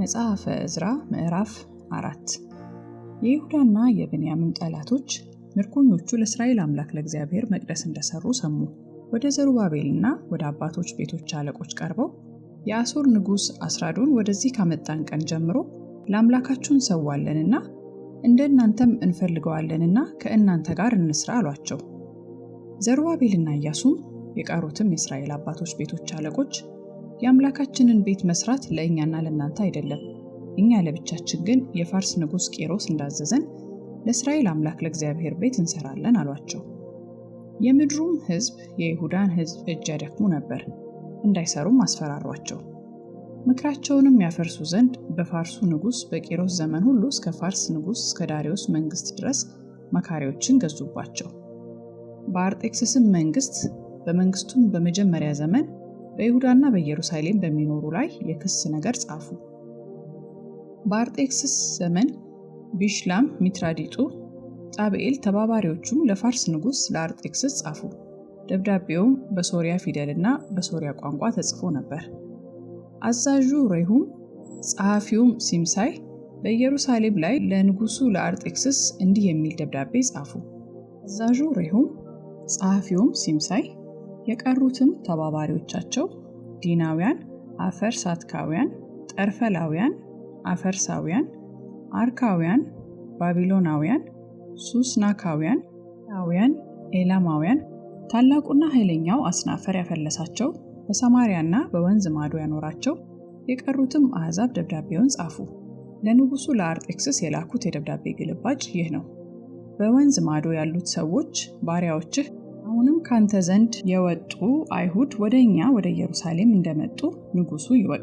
መጽሐፈ ዕዝራ ምዕራፍ አራት የይሁዳና የብንያምም ጠላቶች ምርኮኞቹ ለእስራኤል አምላክ ለእግዚአብሔር መቅደስ እንደሰሩ ሰሙ። ወደ ዘሩባቤልና ወደ አባቶች ቤቶች አለቆች ቀርበው የአሶር ንጉሥ አስራዶን ወደዚህ ካመጣን ቀን ጀምሮ ለአምላካችሁ እንሰዋለንና እንደ እናንተም እንፈልገዋለንና ከእናንተ ጋር እንስራ አሏቸው። ዘሩባቤልና ኢያሱም የቀሩትም የእስራኤል አባቶች ቤቶች አለቆች የአምላካችንን ቤት መስራት ለእኛና ለእናንተ አይደለም። እኛ ለብቻችን ግን የፋርስ ንጉሥ ቄሮስ እንዳዘዘን ለእስራኤል አምላክ ለእግዚአብሔር ቤት እንሰራለን አሏቸው። የምድሩም ሕዝብ የይሁዳን ሕዝብ እጅ ያደክሙ ነበር፣ እንዳይሰሩም አስፈራሯቸው። ምክራቸውንም ያፈርሱ ዘንድ በፋርሱ ንጉሥ በቄሮስ ዘመን ሁሉ እስከ ፋርስ ንጉሥ እስከ ዳሪዎስ መንግሥት ድረስ መካሪዎችን ገዙባቸው። በአርጤክስስም መንግሥት በመንግሥቱም በመጀመሪያ ዘመን በይሁዳና በኢየሩሳሌም በሚኖሩ ላይ የክስ ነገር ጻፉ። በአርጤክስስ ዘመን ቢሽላም ሚትራዲጡ፣ ጣብኤል ተባባሪዎቹም ለፋርስ ንጉሥ ለአርጤክስስ ጻፉ። ደብዳቤውም በሶሪያ ፊደልና በሶሪያ ቋንቋ ተጽፎ ነበር። አዛዡ ሬሁም ጸሐፊውም ሲምሳይ በኢየሩሳሌም ላይ ለንጉሱ ለአርጤክስስ እንዲህ የሚል ደብዳቤ ጻፉ። አዛዡ ሬሁም ጸሐፊውም ሲምሳይ የቀሩትም ተባባሪዎቻቸው ዲናውያን፣ አፈርሳትካውያን፣ ጠርፈላውያን፣ አፈርሳውያን፣ አርካውያን፣ ባቢሎናውያን፣ ሱስናካውያን፣ ውያን፣ ኤላማውያን ታላቁና ኃይለኛው አስናፈር ያፈለሳቸው በሰማሪያና በወንዝ ማዶ ያኖራቸው የቀሩትም አሕዛብ ደብዳቤውን ጻፉ። ለንጉሱ ለአርጤክስስ የላኩት የደብዳቤ ግልባጭ ይህ ነው። በወንዝ ማዶ ያሉት ሰዎች ባሪያዎችህ አሁንም ካንተ ዘንድ የወጡ አይሁድ ወደ እኛ ወደ ኢየሩሳሌም እንደመጡ ንጉሱ ይወቅ።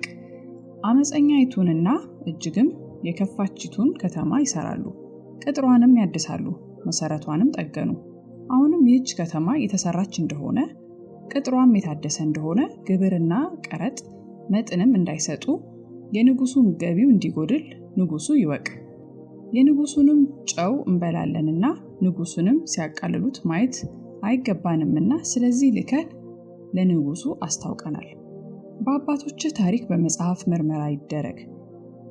አመፀኛይቱንና እጅግም የከፋችቱን ከተማ ይሰራሉ፣ ቅጥሯንም ያድሳሉ፣ መሰረቷንም ጠገኑ። አሁንም ይህች ከተማ የተሰራች እንደሆነ ቅጥሯም የታደሰ እንደሆነ ግብርና ቀረጥ መጥንም እንዳይሰጡ የንጉሱን ገቢው እንዲጎድል ንጉሱ ይወቅ። የንጉሱንም ጨው እንበላለንና ንጉሱንም ሲያቃልሉት ማየት አይገባንምና ስለዚህ ልከን ለንጉሱ አስታውቀናል። በአባቶች ታሪክ በመጽሐፍ ምርመራ ይደረግ።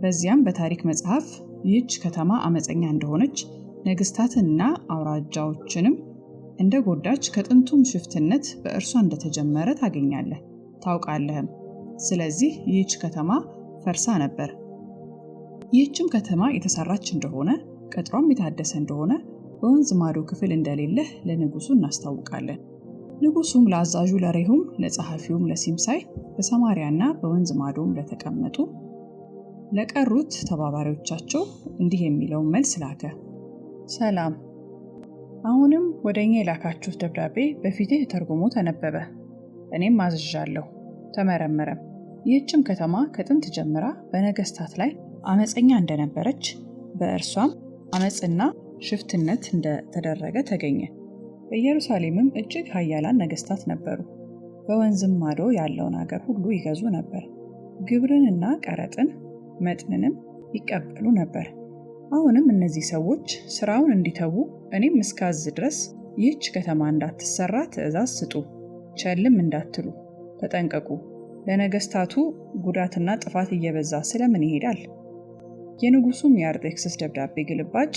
በዚያም በታሪክ መጽሐፍ ይህች ከተማ አመፀኛ እንደሆነች ነገስታትንና አውራጃዎችንም እንደጎዳች ከጥንቱም ሽፍትነት በእርሷ እንደተጀመረ ታገኛለህ ታውቃለህም። ስለዚህ ይህች ከተማ ፈርሳ ነበር። ይህችም ከተማ የተሰራች እንደሆነ ቅጥሯም የታደሰ እንደሆነ በወንዝ ማዶ ክፍል እንደሌለህ ለንጉሱ እናስታውቃለን። ንጉሱም ለአዛዡ ለሬሁም፣ ለጸሐፊውም ለሲምሳይ፣ በሰማሪያና በወንዝ ማዶም ለተቀመጡ ለቀሩት ተባባሪዎቻቸው እንዲህ የሚለውን መልስ ላከ። ሰላም። አሁንም ወደ እኛ የላካችሁት ደብዳቤ በፊትህ ተርጉሞ ተነበበ፣ እኔም አዝዣለሁ፣ ተመረመረም። ይህችም ከተማ ከጥንት ጀምራ በነገስታት ላይ አመፀኛ እንደነበረች በእርሷም አመፅና ሽፍትነት እንደተደረገ ተገኘ። በኢየሩሳሌምም እጅግ ኃያላን ነገስታት ነበሩ። በወንዝም ማዶ ያለውን አገር ሁሉ ይገዙ ነበር። ግብርንና ቀረጥን መጥንንም ይቀበሉ ነበር። አሁንም እነዚህ ሰዎች ስራውን እንዲተዉ እኔም እስካዝ ድረስ ይህች ከተማ እንዳትሰራ ትእዛዝ ስጡ፣ ቸልም እንዳትሉ ተጠንቀቁ። ለነገስታቱ ጉዳትና ጥፋት እየበዛ ስለምን ይሄዳል? የንጉሱም የአርጤክስስ ደብዳቤ ግልባጭ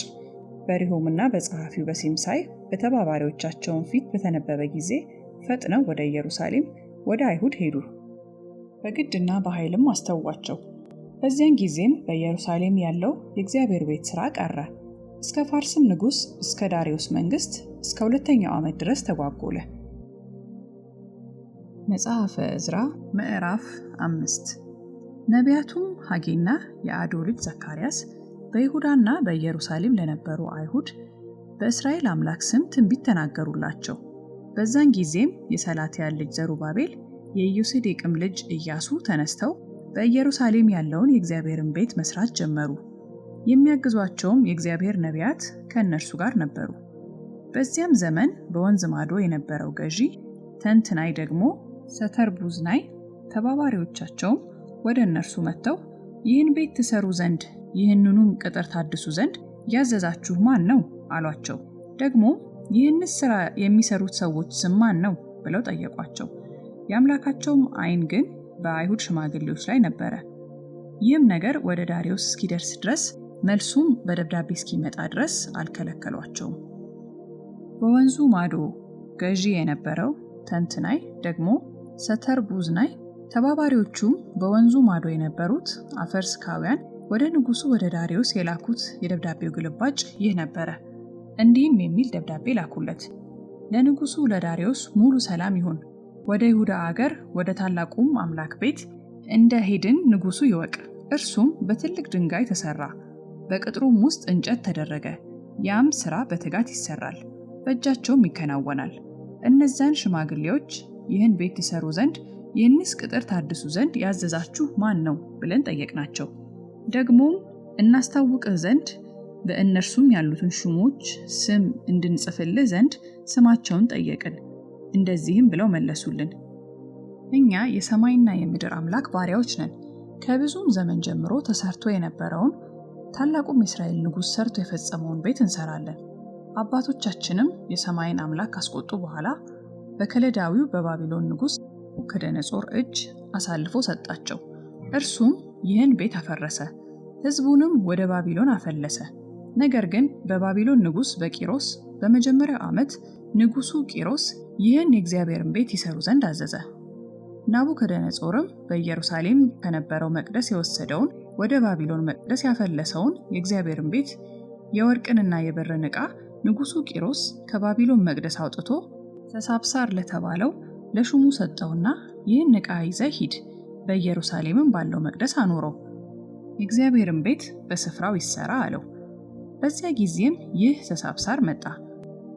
በሪሆምና በጸሐፊው በሲምሳይ በተባባሪዎቻቸውን ፊት በተነበበ ጊዜ ፈጥነው ወደ ኢየሩሳሌም ወደ አይሁድ ሄዱ። በግድና በኃይልም አስተዋቸው። በዚያን ጊዜም በኢየሩሳሌም ያለው የእግዚአብሔር ቤት ሥራ ቀረ። እስከ ፋርስም ንጉሥ እስከ ዳሪዮስ መንግሥት እስከ ሁለተኛው ዓመት ድረስ ተጓጎለ። መጽሐፈ ዕዝራ ምዕራፍ አምስት ነቢያቱም ሐጌና የአዶ ልጅ ዘካርያስ በይሁዳና በኢየሩሳሌም ለነበሩ አይሁድ በእስራኤል አምላክ ስም ትንቢት ተናገሩላቸው። በዛን ጊዜም የሰላትያል ልጅ ዘሩባቤል የኢዮሴዴቅም ልጅ ኢያሱ ተነስተው በኢየሩሳሌም ያለውን የእግዚአብሔርን ቤት መስራት ጀመሩ። የሚያግዟቸውም የእግዚአብሔር ነቢያት ከእነርሱ ጋር ነበሩ። በዚያም ዘመን በወንዝ ማዶ የነበረው ገዢ ተንትናይ ደግሞ ሰተርቡዝናይ ተባባሪዎቻቸውም ወደ እነርሱ መጥተው ይህን ቤት ትሰሩ ዘንድ ይህንኑም ቅጥር ታድሱ ዘንድ ያዘዛችሁ ማን ነው አሏቸው። ደግሞ ይህን ስራ የሚሰሩት ሰዎች ስም ማን ነው ብለው ጠየቋቸው። የአምላካቸውም አይን ግን በአይሁድ ሽማግሌዎች ላይ ነበረ። ይህም ነገር ወደ ዳሪዮስ እስኪደርስ ድረስ መልሱም በደብዳቤ እስኪመጣ ድረስ አልከለከሏቸውም። በወንዙ ማዶ ገዢ የነበረው ተንትናይ ደግሞ ሰተር ቡዝናይ፣ ተባባሪዎቹም በወንዙ ማዶ የነበሩት አፈርስካውያን ወደ ንጉሱ ወደ ዳሪዮስ የላኩት የደብዳቤው ግልባጭ ይህ ነበረ። እንዲህም የሚል ደብዳቤ ላኩለት። ለንጉሱ ለዳሪዮስ ሙሉ ሰላም ይሁን። ወደ ይሁዳ አገር ወደ ታላቁም አምላክ ቤት እንደ ሄድን ንጉሱ ይወቅ። እርሱም በትልቅ ድንጋይ ተሰራ፣ በቅጥሩም ውስጥ እንጨት ተደረገ። ያም ስራ በትጋት ይሰራል፣ በእጃቸውም ይከናወናል። እነዚያን ሽማግሌዎች ይህን ቤት ይሰሩ ዘንድ ይህንስ ቅጥር ታድሱ ዘንድ ያዘዛችሁ ማን ነው ብለን ጠየቅናቸው። ደግሞም እናስታውቅህ ዘንድ በእነርሱም ያሉትን ሹሞች ስም እንድንጽፍልህ ዘንድ ስማቸውን ጠየቅን። እንደዚህም ብለው መለሱልን፣ እኛ የሰማይና የምድር አምላክ ባሪያዎች ነን። ከብዙም ዘመን ጀምሮ ተሰርቶ የነበረውን ታላቁም የእስራኤል ንጉሥ ሰርቶ የፈጸመውን ቤት እንሰራለን። አባቶቻችንም የሰማይን አምላክ ካስቆጡ በኋላ በከለዳዊው በባቢሎን ንጉሥ ከደነጾር እጅ አሳልፎ ሰጣቸው። እርሱም ይህን ቤት አፈረሰ፣ ህዝቡንም ወደ ባቢሎን አፈለሰ። ነገር ግን በባቢሎን ንጉሥ በቂሮስ በመጀመሪያው ዓመት ንጉሡ ቂሮስ ይህን የእግዚአብሔርን ቤት ይሰሩ ዘንድ አዘዘ። ናቡከደነጾርም በኢየሩሳሌም ከነበረው መቅደስ የወሰደውን ወደ ባቢሎን መቅደስ ያፈለሰውን የእግዚአብሔርን ቤት የወርቅንና የብርን ዕቃ ንጉሡ ቂሮስ ከባቢሎን መቅደስ አውጥቶ ተሳብሳር ለተባለው ለሹሙ ሰጠውና ይህን ዕቃ ይዘህ ሂድ በኢየሩሳሌምም ባለው መቅደስ አኖረው። የእግዚአብሔርን ቤት በስፍራው ይሰራ አለው። በዚያ ጊዜም ይህ ሰሳብሳር መጣ፣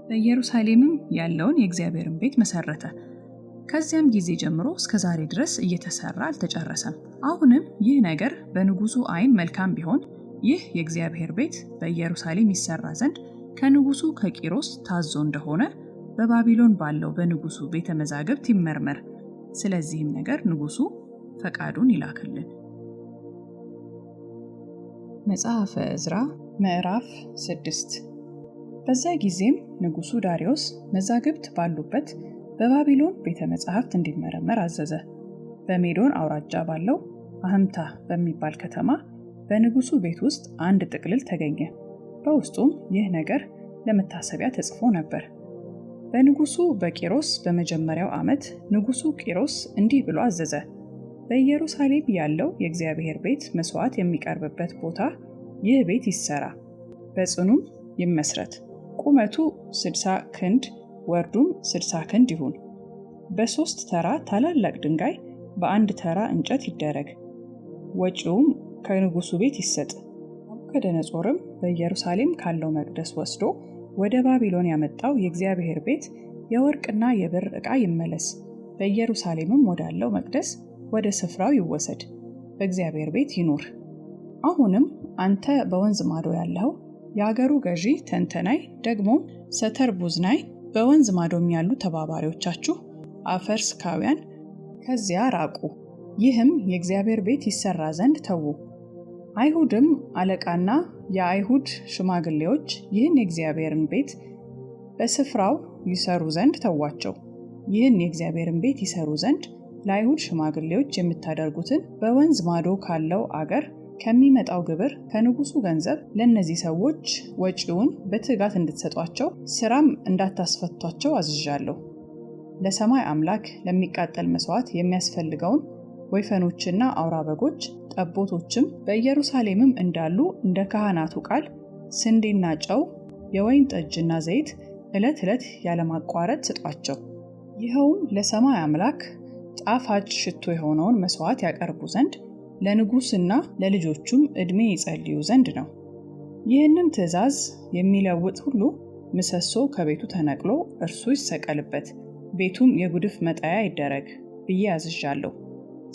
በኢየሩሳሌምም ያለውን የእግዚአብሔርን ቤት መሰረተ። ከዚያም ጊዜ ጀምሮ እስከ ዛሬ ድረስ እየተሰራ አልተጨረሰም። አሁንም ይህ ነገር በንጉሱ ዓይን መልካም ቢሆን ይህ የእግዚአብሔር ቤት በኢየሩሳሌም ይሰራ ዘንድ ከንጉሱ ከቂሮስ ታዞ እንደሆነ በባቢሎን ባለው በንጉሱ ቤተ መዛግብት ይመርመር። ስለዚህም ነገር ንጉሱ ፈቃዱን ይላክልን። መጽሐፈ ዕዝራ ምዕራፍ ስድስት በዛ ጊዜም ንጉሡ ዳሪዮስ መዛግብት ባሉበት በባቢሎን ቤተ መጻሕፍት እንዲመረመር አዘዘ። በሜዶን አውራጃ ባለው አህምታ በሚባል ከተማ በንጉሡ ቤት ውስጥ አንድ ጥቅልል ተገኘ። በውስጡም ይህ ነገር ለመታሰቢያ ተጽፎ ነበር። በንጉሡ በቂሮስ በመጀመሪያው ዓመት ንጉሡ ቂሮስ እንዲህ ብሎ አዘዘ። በኢየሩሳሌም ያለው የእግዚአብሔር ቤት መስዋዕት የሚቀርብበት ቦታ ይህ ቤት ይሰራ፣ በጽኑም ይመስረት፣ ቁመቱ 60 ክንድ ወርዱም 60 ክንድ ይሁን። በሦስት ተራ ታላላቅ ድንጋይ በአንድ ተራ እንጨት ይደረግ። ወጪውም ከንጉሱ ቤት ይሰጥ። ናቡከደነፆርም በኢየሩሳሌም ካለው መቅደስ ወስዶ ወደ ባቢሎን ያመጣው የእግዚአብሔር ቤት የወርቅና የብር ዕቃ ይመለስ። በኢየሩሳሌምም ወዳለው መቅደስ ወደ ስፍራው ይወሰድ፣ በእግዚአብሔር ቤት ይኑር። አሁንም አንተ በወንዝ ማዶ ያለው የአገሩ ገዢ ተንተናይ፣ ደግሞም ቡዝናይ፣ በወንዝ ማዶም ያሉ ተባባሪዎቻችሁ አፈርስካውያን ከዚያ ራቁ፣ ይህም የእግዚአብሔር ቤት ይሰራ ዘንድ ተዉ። አይሁድም አለቃና የአይሁድ ሽማግሌዎች ይህን የእግዚአብሔርን ቤት በስፍራው ይሰሩ ዘንድ ተዋቸው። ይህን የእግዚአብሔርን ቤት ይሰሩ ዘንድ ለአይሁድ ሽማግሌዎች የምታደርጉትን በወንዝ ማዶ ካለው አገር ከሚመጣው ግብር ከንጉሱ ገንዘብ ለእነዚህ ሰዎች ወጪውን በትጋት እንድትሰጧቸው ስራም እንዳታስፈቷቸው አዝዣለሁ። ለሰማይ አምላክ ለሚቃጠል መስዋዕት የሚያስፈልገውን ወይፈኖችና አውራ በጎች፣ ጠቦቶችም በኢየሩሳሌምም እንዳሉ እንደ ካህናቱ ቃል ስንዴና ጨው፣ የወይን ጠጅና ዘይት ዕለት ዕለት ያለማቋረጥ ስጧቸው። ይኸውም ለሰማይ አምላክ ጣፋጭ ሽቶ የሆነውን መስዋዕት ያቀርቡ ዘንድ ለንጉሥና ለልጆቹም ዕድሜ ይጸልዩ ዘንድ ነው። ይህንም ትእዛዝ የሚለውጥ ሁሉ ምሰሶ ከቤቱ ተነቅሎ እርሱ ይሰቀልበት፣ ቤቱም የጉድፍ መጣያ ይደረግ ብዬ አዝዣለሁ።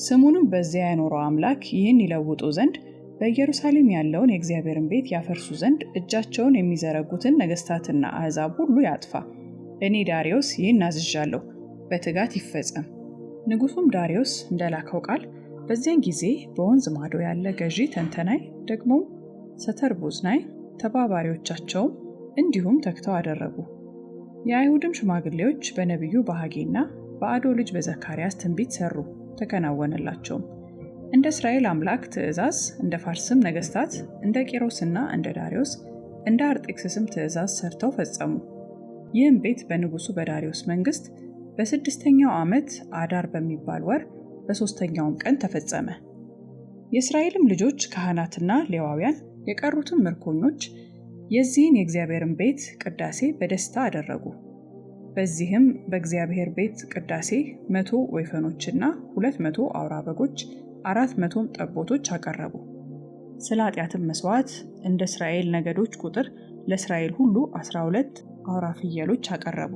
ስሙንም በዚያ ያኖረው አምላክ ይህን ይለውጡ ዘንድ በኢየሩሳሌም ያለውን የእግዚአብሔርን ቤት ያፈርሱ ዘንድ እጃቸውን የሚዘረጉትን ነገሥታትና አሕዛብ ሁሉ ያጥፋ። እኔ ዳሪዎስ ይህን አዝዣለሁ። በትጋት ይፈጸም። ንጉሱም ዳሪዮስ እንደላከው ቃል በዚያን ጊዜ በወንዝ ማዶ ያለ ገዢ ተንተናይ፣ ደግሞም ሰተርቡዝናይ ተባባሪዎቻቸውም እንዲሁም ተክተው አደረጉ። የአይሁድም ሽማግሌዎች በነቢዩ በሐጌና በአዶ ልጅ በዘካርያስ ትንቢት ሰሩ፣ ተከናወነላቸውም። እንደ እስራኤል አምላክ ትእዛዝ፣ እንደ ፋርስም ነገስታት እንደ ቂሮስና እንደ ዳሪዮስ እንደ አርጤክስስም ትእዛዝ ሰርተው ፈጸሙ። ይህም ቤት በንጉሱ በዳሪዮስ መንግስት በስድስተኛው ዓመት አዳር በሚባል ወር በሦስተኛውም ቀን ተፈጸመ። የእስራኤልም ልጆች ካህናትና ሌዋውያን የቀሩትም ምርኮኞች የዚህን የእግዚአብሔርን ቤት ቅዳሴ በደስታ አደረጉ። በዚህም በእግዚአብሔር ቤት ቅዳሴ መቶ ወይፈኖችና ሁለት መቶ አውራ በጎች አራት መቶም ጠቦቶች አቀረቡ። ስለ ኃጢአትም መስዋዕት እንደ እስራኤል ነገዶች ቁጥር ለእስራኤል ሁሉ አስራ ሁለት አውራ ፍየሎች አቀረቡ።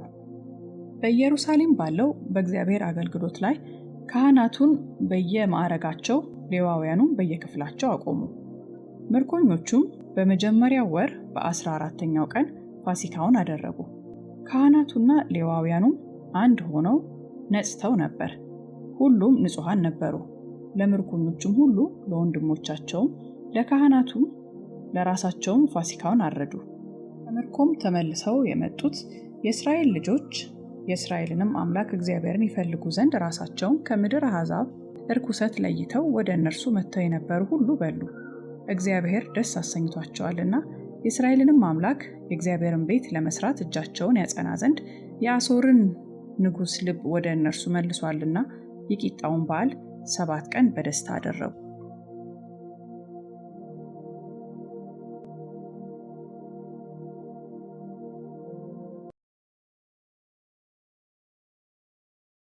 በኢየሩሳሌም ባለው በእግዚአብሔር አገልግሎት ላይ ካህናቱን በየማዕረጋቸው ሌዋውያኑም በየክፍላቸው አቆሙ። ምርኮኞቹም በመጀመሪያው ወር በአስራ አራተኛው ቀን ፋሲካውን አደረጉ። ካህናቱና ሌዋውያኑም አንድ ሆነው ነጽተው ነበር። ሁሉም ንጹሐን ነበሩ። ለምርኮኞቹም ሁሉ ለወንድሞቻቸውም፣ ለካህናቱም ለራሳቸውም ፋሲካውን አረዱ። ከምርኮም ተመልሰው የመጡት የእስራኤል ልጆች የእስራኤልንም አምላክ እግዚአብሔርን ይፈልጉ ዘንድ ራሳቸውን ከምድር አሕዛብ እርኩሰት ለይተው ወደ እነርሱ መጥተው የነበሩ ሁሉ በሉ። እግዚአብሔር ደስ አሰኝቷቸዋልና የእስራኤልንም አምላክ የእግዚአብሔርን ቤት ለመስራት እጃቸውን ያጸና ዘንድ የአሶርን ንጉሥ ልብ ወደ እነርሱ መልሷልና የቂጣውን በዓል ሰባት ቀን በደስታ አደረጉ።